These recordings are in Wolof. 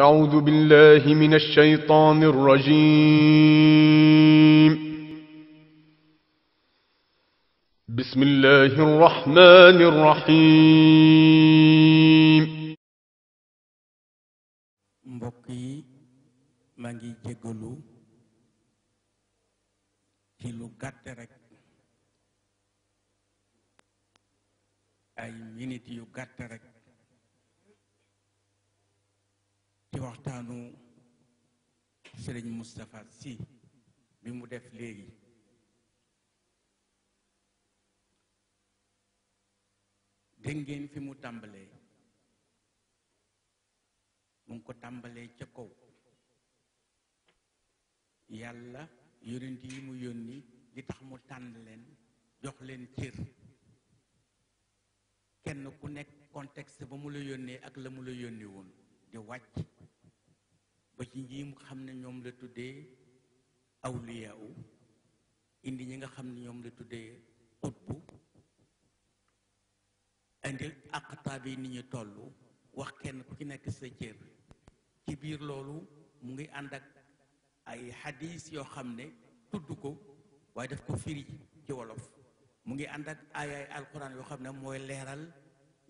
أعوذ بالله من الشيطان الرجيم بسم الله الرحمن الرحيم mbokk yi maa ngi jégalu ci lu gàtt rekk ay minit yu gàtt rekk waxtaanu sëriñ Moustapha si bi mu def léegi dégg ngeen fi mu tàmbalee mu ko tàmbalee ca kaw yàlla yonent yi mu yónni li tax mu tànn leen jox leen cër kenn ku nekk contexte ba mu la yónnee ak la mu la yónni di wàcc ba ci ñi mu xam ne ñoom la tuddee awliyaaw indi ñi nga xam ne ñoom la tuddee xutbu indi aqtaab yi ni wax kenn ku ci nekk sa cër ci biir loolu mu ngi ànd ak ay xadiis yoo xam ne tudd ko waaye def ko firi ci wolof mu ngi ànd ak ay ay alquran yoo xam ne mooy leeral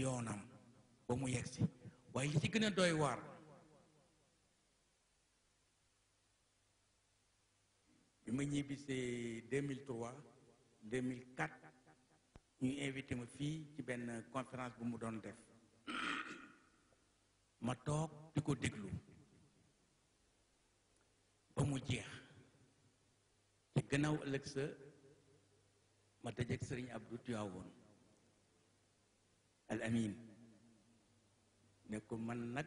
yoonam ba mu yegg si waaye li ci gën a doy waar ma ñibbisee 2003 2004 ñu invité ma fii ci benn conférence bu mu doon def ma toog di ko déglu ba mu jeex ci gannaaw ëllëg sa ma dajeeg sëriñ Abdou Tiwaawoon al amin ne ko man nag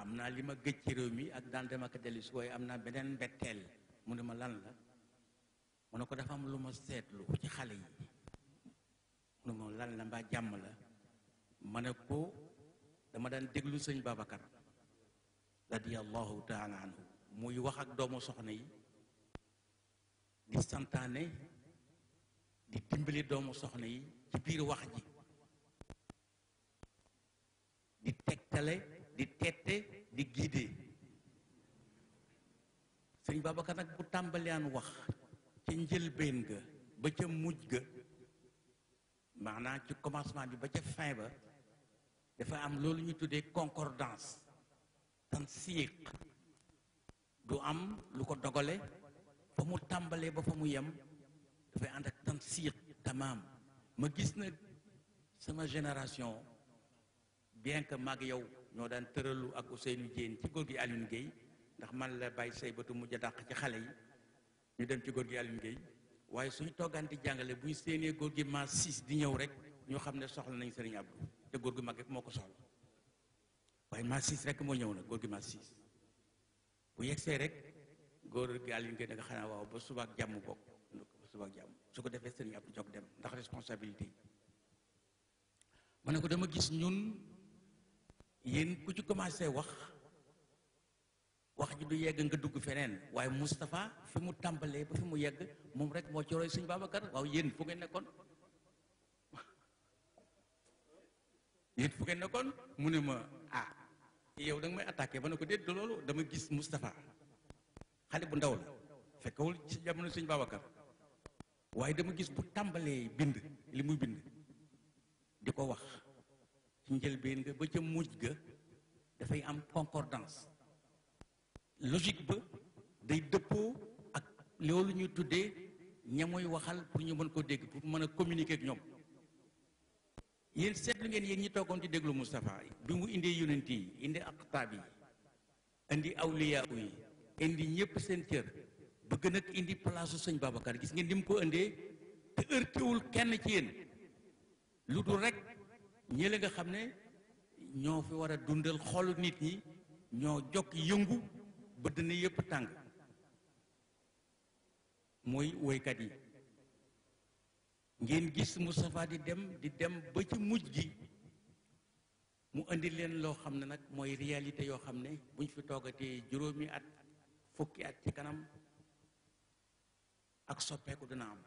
am na li ma gëj ci réew mi ak daan dem ak dellu waaye am naa beneen mbetteel mu ne ma lan la mu ne ko dafa am lu ma seetlu ci xale yi mu ne ma lan la mbaa jàmm la ma ne ko dama daan déglu sëñ Babacar radiallahu taala anhu muy wax ak doomu soxna yi di santaane di dimbali doomu soxna yi ci biir wax ji di tegtale di tette di guider sëñ Babacar nag bu tàmbaleen wax ci njëlbeen ga ba ca mujj ga maanaam ci commencement bi ba ca fin ba dafa am loolu ñu tuddee concordance tansiq du am lu ko dogale fa mu tàmbalee ba fa mu yem dafay ànd ak tansiq tamaam ma gis na sama génération bien que mag yow ñoo daan tëralu ak Ousseynou Diène ci góor gi Alioune Guèye ndax man la bàyyi say batu mujj a dàq ci xale yi ñu dem ci góor gi Alioune Guèye waaye suñu toogaan di jàngale buy séenee góor gi di ñëw rek ñoo xam ne soxla nañ Sëriñ Abdou te góor gi mag rek moo ko soxla waaye ma siis rek moo ñëw nag góor gi ma siis bu yegsee rek góor gi Alioune Guèye da nga xanaa waaw ba subaak jàmm bokk ba subaak jàmm su ko defee seen Sëriñ Abdou jóg dem ndax responsabilité yi ma ne dama gis ñun yéen ku ci commencé wax wax ji du yegg nga dugg feneen waaye mustafa fi mu tàmbalee ba fi mu yegg moom rek moo ci roy sëñ Babacar waaw yéen fu ngeen nekkoon yéen nekkoon mu ne ma ah yow da nga may attaqué ba ne ko déet du loolu dama gis mustafa xale bu ndaw la fekkewul ci jamono suñ Babacar waaye dama gis bu tàmbalee bind li muy bind di ko wax ci njëlbeen nga ba ca mujj ga dafay am concordance logique ba day dëppoo ak loolu ñuy tuddee ña waxal pour ñu mën koo dégg pour mën a communiquer ak ñoom yéen seetlu ngeen yéen ñi toogoon di déglu Moustapha bi mu indi yonent yi indi aqtaab yi indi awliyaa yi indi ñëpp seen cër bëgg nag indi place su sëñ Babacar gis ngeen ni mu ko indee te heurtéwul kenn ci yéen lu dul rek ñële nga xam ne ñoo fi war a dundal xolu nit ñi ñoo jokk yëngu ba dina yëpp tàng mooy woykat yi ngeen gis Moustapha di dem di dem ba ci mujj gi mu indi leen loo xam ne nag mooy réalité yoo xam ne buñ fi toogatee juróomi at fukki at ci kanam ak soppeeku dana am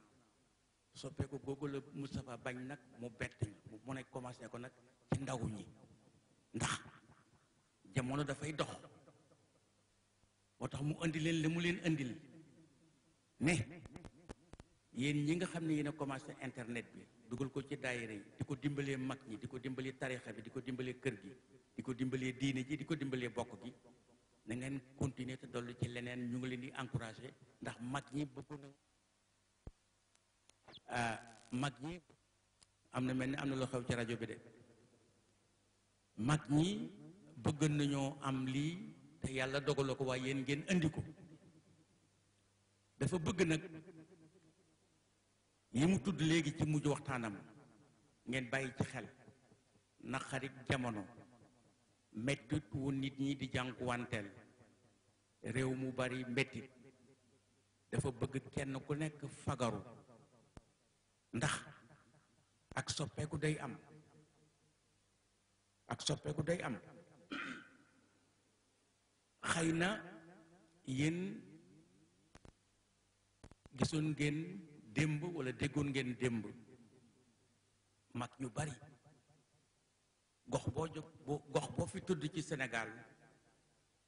soppeeku googu la Moustapha bañ nag mu bett ñu mu ne commencé ko nag ci ndaw ñi ndax jamono dafay dox moo tax mu indi leen li mu leen indil ne yéen ñi nga xam ne yéen a commencé internet bi dugal ko ci daayira yi di ko dimbalee mag ñi di ko dimbalee tarixa bi di ko dimbalee kër gi di ko dimbalee diine ji di ko dimbalee bokk gi na ngeen continuer te dollu ci leneen ñu ngi leen di encouragé ndax mag ñi bëgg Euh, mag ñi am na mel ni am na lu xew ci rajo bi de mag ñi bëgg nañoo am lii te yàlla dogaloo ko waaye yéen ngeen andi ko dafa bëgg nag yi mu tudd léegi ci mujj waxtaanam ngeen bàyyi ci xel naqarik jamono mettit wu nit ñi di jànkuwanteel réew mu bari mettit dafa bëgg kenn ku nekk fagaru ndax ak soppeeku day am ak soppeeku day am xëy na yéen gisoon ngeen démb walla déggoon ngeen démb mag ñu bari gox boo jóg gox boo fi tudd ci Sénégal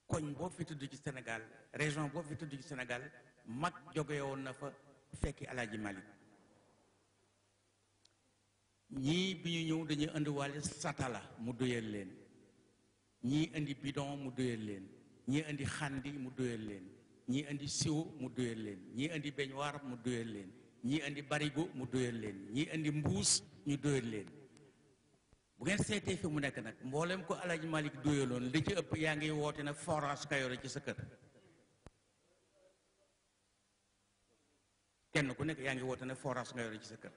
koñ boo fi tudd ci Sénégal région boo fi tudd ci Sénégal mag jóge na fa fekki Alaaji Malik ñii bi ñu ñëw dañuy indiwaale satala mu doyal leen ñii indi bidon mu doyal leen ñii indi xandi mu doyal leen ñii indi siwo mu doyal leen ñii indi beñuwaar mu doyal leen ñii indi barigo mu doyal leen ñii indi mbuus ñu doyal leen bu ngeen seetee fi mu nekk nag mboolem ko alaji malik doyaloon li ci ëpp yaa ngi woote nag forage Kayoor ci sa kër kenn ku nekk yaa ngi woote ne forage nga ci sa kër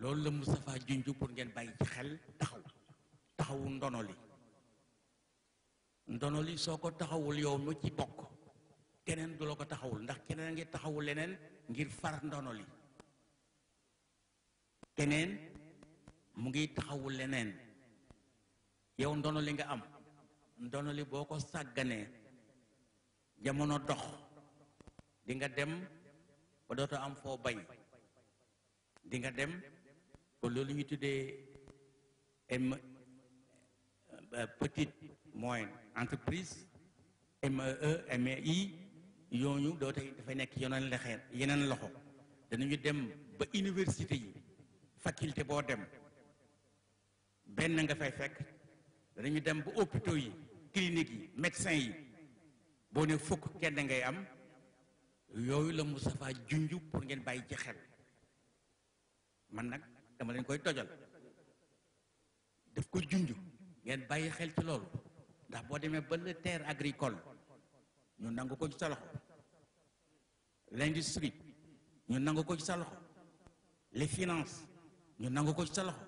loolu la Moustapha junju pour ngeen bàyyi ci xel taxaw taxawul ndono li ndono li soo ko taxawul yow mu ci bokk keneen du la ko taxawul ndax keneen a ngi taxawul leneen ngir far ndono li keneen mu ngi taxawul leneen yow ndono li nga am ndono li boo ko sàgganee jamono dox di nga dem ba dootoo am foo bay di dem kon loolu ñu tuddee m euh, petite moyenne entreprise ME MEI yooñu doo tey dafay nekk yeneen lexeer yeneen loxo danañu dem ba université yi faculté boo dem benn nga fay fekk danañu dem ba hôpitaux yi clinique yi médecin yi boo ne fukk kenn ngay am yooyu la mu Moustapha junju pour ngeen bàyyi ci xel man nag dama lañ koy tojal daf ko junj ngeen bàyyi xel ci loolu ndax boo demee ba terre agricole ñu nangu ko ci sa loxo l'industrie ñu nangu ko ci sa loxo les finances ñu nangu ko ci sa loxo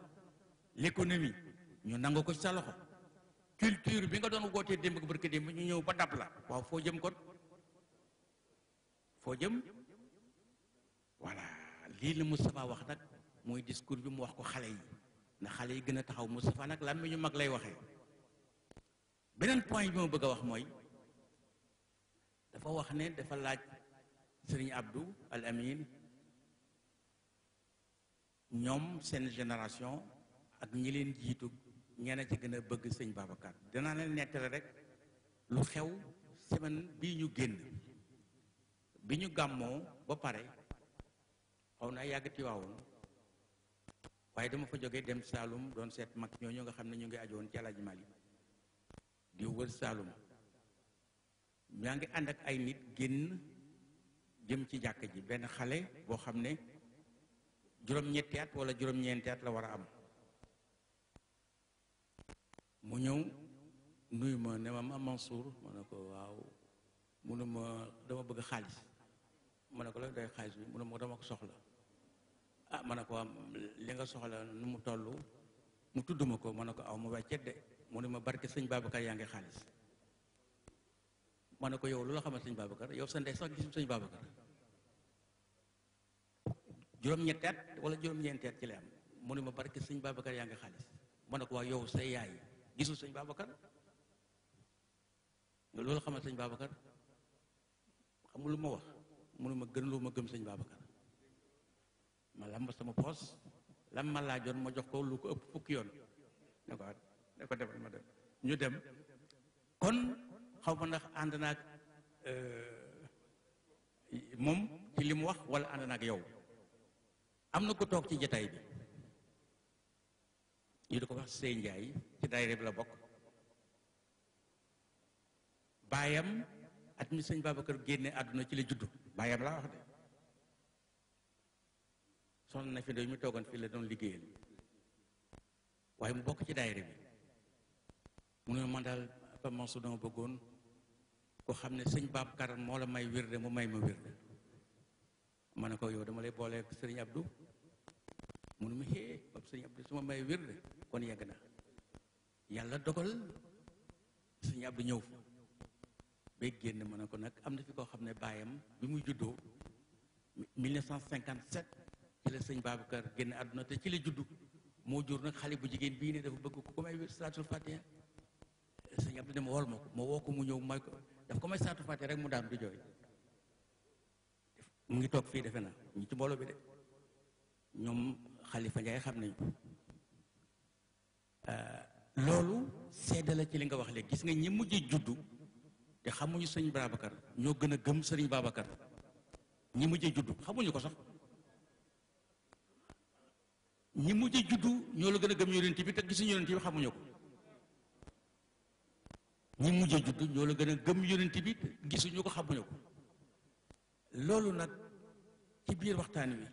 l'économie ñu nangu ko ci sa loxo culture bi nga doon wootee démb ak barke démb ñu ñëw ba dab la waaw foo jëm kon foo jëm voilà lii la Moustapha wax nag mooy discours bi mu wax ko xale yi na xale yi gën a taxaw Moustapha nag làmmiñ ñu mag lay waxee beneen point bi ma bëgg a wax mooy dafa wax ne dafa laaj Serigne Abdou Al Amin ñoom seen génération ak ñi leen jiitu ñenn ci gën a bëgg sëñ Babacar danaa leen nettali rek lu xew semaine bii ñu génn bi ñu gàmmoo ba pare xaw naa yàgg Tiwaawoon waaye dama fa jógee dem Saalum doon seet mag ñooñu nga xam ne ñu ngi ajoon ci Alaaji Mali di wër Saalum maa ngi ànd ak ay nit génn jëm ci jàkk ji benn xale boo xam ne juróom-ñetti at wala juróom-ñeenti at la war a am mu ñëw nuyu ma ne ma ma Mansour ma ne ko waaw munu dama bëgg xaalis ma ne ko la day xaalis bi munu ma dama ko soxla ah ma ne ko li nga soxla nu mu toll mu tudd ma ko man ne ko aw ma weccet de mu ne ma barke sëñ Babacar yaa ngi xaalis ma ne ko yow la xamal sëñ Babacar yow sa ndey sax gisul sëñ wala juróom-ñeenti la am mu ma barke sëñ Babacar yaa ngi xaalis ma ne ko waa yow sa yaay gisul sëñ Babacar loolu xamal sëñ Babacar xam nga lu ma wax mu ne ma gën loo ma gëm sëñ Babacar ma làmb sama poos lam ma laajoon ma jox ko lu ko ëpp fukki yoon ne ko ma dem ñu dem kon xaw ma ndax ànd naag euh, moom ci li mu wax wala ànd naag yow am na ko toog ci jataay bi ñu di ko wax Sey Njaay ci daayira bi la bokk baayam at mi sëñ kër génne àdduna ci la juddu baayam laa wax de soxna na fi doy mi toogoon fii la doon liggéeyal waaye mu bokk ci daayira bi mu ne man daal Pa dama bëggoon ko xam ne sëñ kar moo la may wirde mu may ma wirde ma ne ko yow dama lay boolee sëriñ Abdou mu ne ma xée bab sëriñ Abdou su ma may wirde kon yegg na yàlla dogal sëriñ Abdou ñëw fa ba génn ma ne ko nag am na fi koo xam ne baayam bi muy juddoo 1957 ci la sëñ Babacar génn àdduna te ci la juddu moo jur nag xale bu jigéen bii ne dafa bëgg ko may salaatul fatiha sëñ Abdou dem wool moo ko ma woo ko mu ñëw may ko daf ko may salaatul fatiha rek mu daan du jooy mu ngi toog fii defe na ñu ci mbooloo bi de ñoom xalifa Njaay xam nañu euh, loolu sedda ci li nga wax léegi gis nga ñi mujj juddu te xamuñu sëñ Babacar ñoo gën a gëm sëriñ Babacar ñi mujj juddu xamuñu ko sax ñi mujj juddu ñoo la gën a gëm yonent bi te gisuñu yonent bi xamuñu ko ñi mujj la gën a gëm yonent bi gisuñu ko xamuñu ko loolu nag ci biir waxtaan wi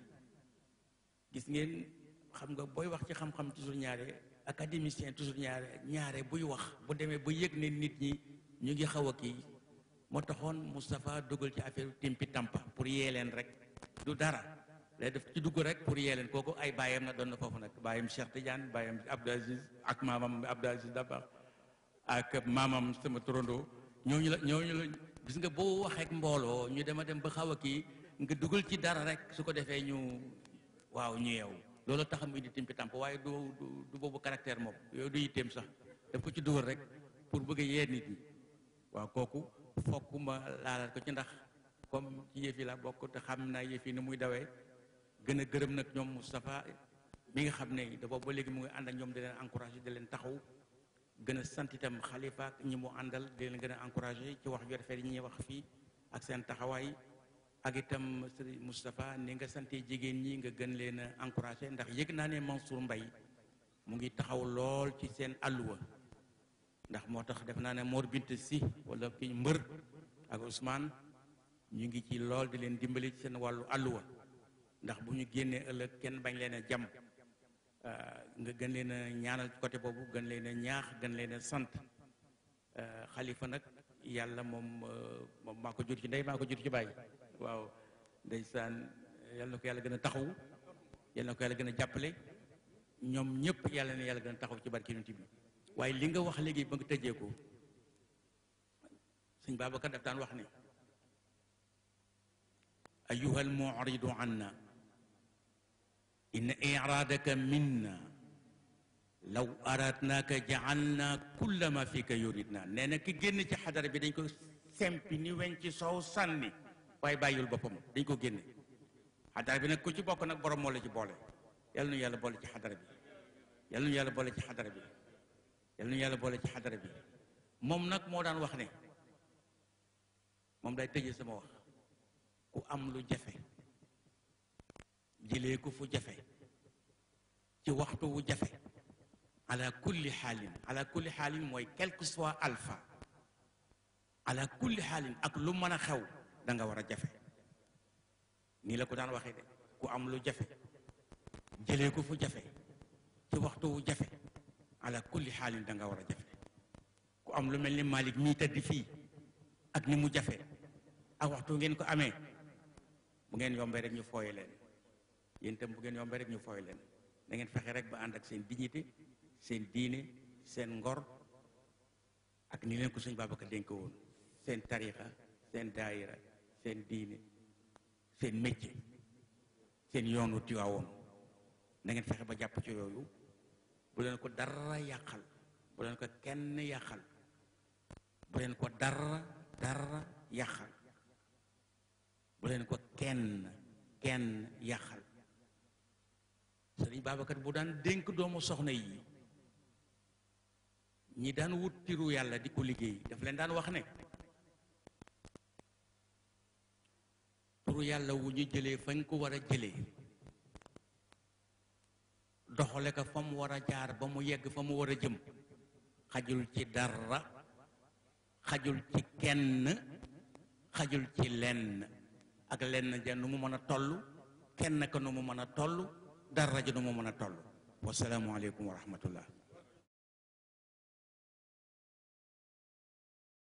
gis ngeen xam nga booy wax ci xam-xam toujours ñaare académicien toujours ñaare ñaare buy wax bu demee ba yëg ne nit ñi ñu ngi xaw a kii moo taxoon mustafa dugal ci affaire timpi tampa pour yee leen rek du dara. day def ci dugg rek pour yee leen kooku ay bàyyam na doon na foofu nag bàyyam Cheikh Tidiane bàyyam Abdou Aziz ak maamam Abdou Aziz Dabakh ak maamam sama turandoo ñooñu la ñooñu la gis nga boo waxeek mbooloo ñu dema dem ba xaw a kii nga dugal ci dara rek su ko defee ñu waaw ñu yeew loolu taxam indi timpi tàmp waaye du du boobu caractère moom yooyu du yitteem sax daf ko ci dugal rek pour bëgg a yee nit ñi waaw kooku fokk ma laalaat ko ci ndax comme ci yëf yi la bokk te xam naa yëf yi ni muy dawee gën a gërëm nag ñoom Moustapha mi nga xam ne dafa ba léegi mu ngi ànd ak ñoom di leen encouragé di leen taxaw gën a sant itam xalifa ak ñi mu àndal di leen gën a encouragé ci wax ju rafet yi ñuy wax fii ak seen taxawaay ak itam sëriñ Moustapha ni nga sante jigéen ñi nga gën leen a encouragé ndax yëg naa ne Mansour mbay mu ngi taxaw lool ci seen àlluwa ndax moo tax def naa ne moor Bint Si wala ki mbër ak Ousmane ñu ngi ci lool di leen dimbali ci seen wàllu àlluwa ndax bu ñu génnee ëllëg kenn bañ leen a jam euh, nga gën leen a ñaanal côté boobu gën leen a ñaax gën leen a sant xalifa euh, nag yàlla moom moom euh, maa ko jur ci ndey maa ko jur ci baay waaw ndeysaan yàlla na yàlla gën a taxaw yàlla ko yàlla gën a jàppale ñoom ñëpp yàlla na yàlla gën a taxaw ci barke yonent bi waaye li nga wax léegi ba nga tëjee ko sëñ Babacar daf daan wax ni ayuhal mu'ridu anna in iraadaka minna law araadnaaka jaalna kulla ma fika yuridna nee na ki génn ci xadara bi dañ ko sempi ni weñ ci soow sànni waaye bàyyul boppam dañ ko génne xadara bi nag ku ci bokk nag borom moo ci boole yal yàlla boole ci xadara bi yal nu yàlla boole ci xadara bi yal yàlla boole ci xadara bi moom nag moo daan wax ne moom day tëje sama wax ku am lu jafe jëlee ko fu jafe ci waxtu wu jafe ala kulli xaalin ala kulli xaalin mooy quel que soit ala kulli xaalin ak lu mën a xew danga war a jafe nii la ko daan waxee de ku am lu jafe jëlee ko fu jafe ci waxtu wu jafe ala kulli xaalin da nga war a jafe ku am lu mel ni Malick mii tëdd fii ak ni mu jafe ak waxtu ngeen ko amee bu ngeen yombee rek ñu fooye leen yéen itam bu ngeen yombee rek ñu fooy leen da ngeen fexe rek ba ànd ak seen dignité seen diine seen ngor ak ni leen ko suñ Babacar dénk woon seen tarixa seen daayira seen diine seen métier seen yoonu Tiwaawoon da ngeen fexe ba jàpp ci yooyu bu leen ko dara yàqal bu ko kenn yàqal bu leen ko dara dara yàqal bu leen ko kenn kenn yàqal sëriñ Babacar bu daan dénk doomu soxna yi ñi daan wut tiru yàlla di ko liggéey daf leen daan wax ne turu yàlla wu ñu jëlee fañ ko war a jëlee doxale ko fa mu war a jaar ba mu yegg fa mu war a jëm xajul ci dara xajul ci kenn xajul ci lenn ak lenn ja nu mu mën a toll kenn ka nu mu mën a toll dara ja du ma mën a toll wasalaamualeykum wa rahmatullah